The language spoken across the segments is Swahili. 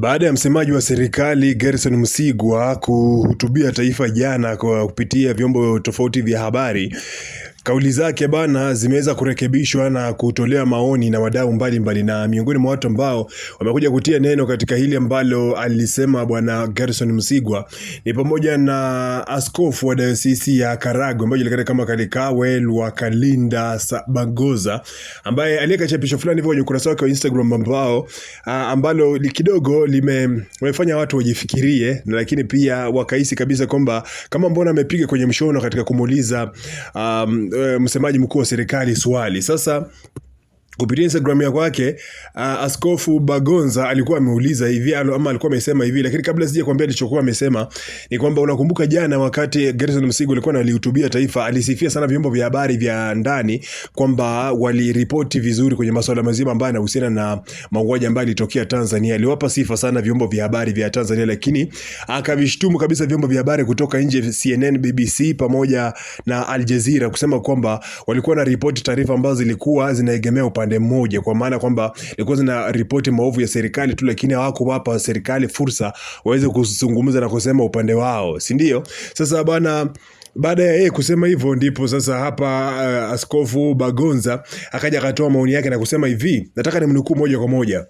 Baada ya msemaji wa serikali Gerson Msigwa kuhutubia taifa jana kwa kupitia vyombo tofauti vya habari, Kauli zake bana zimeweza kurekebishwa na kutolea maoni na wadau mbalimbali, na miongoni mwa watu ambao wamekuja kutia neno katika hili ambalo alisema bwana Gerson Msigwa ni pamoja na askofu wa dayosisi ya Karagwe ambaye julikana kama Kalikawe Kalinda Sabagoza, ambaye aliweka chapisho fulani hivyo kwenye ukurasa wake wa Instagram ambao ambalo kidogo limefanya watu wajifikirie, lakini pia wakahisi kabisa kwamba kama mbona amepiga kwenye mshono katika kumuuliza um, Eh, msemaji mkuu wa serikali swali sasa Kupitia Instagram ya kwake uh, Askofu Bagonza alikuwa ameuliza hivi alo, ama alikuwa amesema hivi, lakini kabla sija kuambia alichokuwa amesema ni kwamba unakumbuka jana wakati Gerson Msigo alikuwa analihutubia taifa, alisifia sana vyombo vya habari vya ndani kwamba waliripoti vizuri kwenye masuala mazima ambayo yanahusiana na mauaji ambayo yalitokea Tanzania. Aliwapa sifa sana vyombo vya habari vya Tanzania, lakini akavishtumu kabisa vyombo vya habari kutoka nje, CNN, BBC pamoja na Al Jazeera kusema kwamba walikuwa na ripoti taarifa ambazo zilikuwa zinaegemea upande upande mmoja, kwa maana kwamba ilikuwa zina ripoti maovu ya serikali tu, lakini hawakuwapa serikali fursa waweze kuzungumza na kusema upande wao, si ndio? Sasa bwana baada ya yeye kusema hivyo ndipo sasa hapa uh, Askofu Bagonza akaja akatoa maoni yake na kusema hivi, nataka nimnukuu moja kwa moja.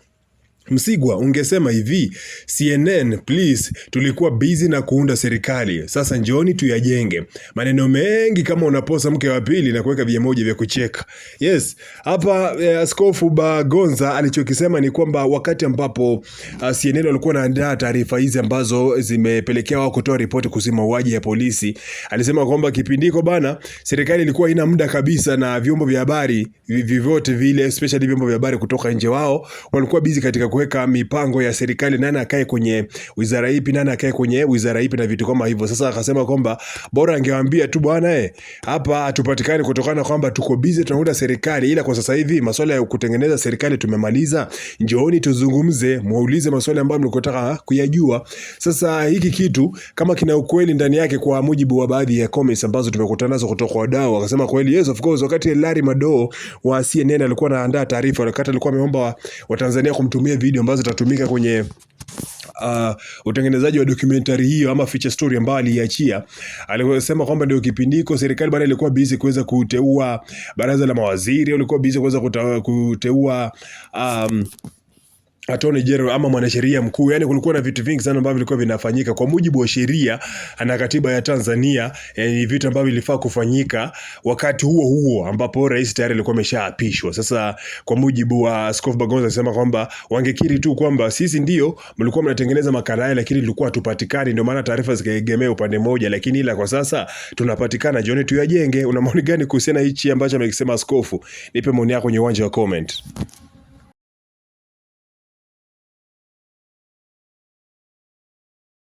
Msigwa, ungesema hivi CNN please, tulikuwa busy na kuunda serikali, sasa njoni tuyajenge. Maneno mengi kama unaposa mke wa pili na kuweka vimoja vya kucheka. Yes, hapa eh, Askofu Bagonza alichokisema ni kwamba wakati ambapo uh, CNN walikuwa wanaandaa taarifa hizi ambazo zimepelekea wao kutoa ripoti kuhusu mauaji ya polisi, alisema kwamba kipindiko bana, serikali ilikuwa ina muda kabisa na vyombo vya habari vyovyote vile, especially vyombo vya habari kutoka nje, wao walikuwa busy katika kuweka mipango ya serikali, nani akae kwenye wizara ipi, nani akae kwenye wizara ipi na vitu kama hivyo. Sasa akasema kwamba bora angewaambia tu bwana, eh, hapa hatupatikani kutokana kwamba tuko busy tunaunda serikali, ila kwa sasa hivi masuala ya kutengeneza serikali tumemaliza, njooni tuzungumze, muulize maswali ambayo mlikotaka kuyajua. Sasa hiki kitu kama kina ukweli ndani yake, kwa mujibu wa baadhi ya comments ambazo tumekutana nazo kutoka kwa wadau, akasema kweli, yes of course, wakati Larry Madowo wa CNN alikuwa anaandaa taarifa, wakati alikuwa ameomba Watanzania kumtumia video video ambazo zitatumika kwenye Uh, utengenezaji wa documentary hiyo ama feature story ambayo aliiachia, alisema kwamba ndio kipindiko serikali bado ilikuwa busy kuweza kuteua baraza la mawaziri, ilikuwa busy kuweza kuteua um, attorney general ama mwanasheria mkuu. Yani kulikuwa na vitu vingi sana ambavyo vilikuwa vinafanyika kwa mujibu wa sheria na katiba ya Tanzania. Yani eh, vitu ambavyo vilifaa kufanyika wakati huo huo ambapo rais tayari alikuwa ameshaapishwa. Sasa kwa mujibu wa Askofu Bagonza alisema kwamba wangekiri tu kwamba sisi ndio mlikuwa mnatengeneza makala haya, lakini ilikuwa hatupatikani, ndio maana taarifa zikaegemea upande mmoja, lakini ila kwa sasa tunapatikana, jioni tuyajenge. Una maoni gani kuhusiana hichi ambacho amekisema askofu? Nipe maoni yako kwenye uwanja wa comment.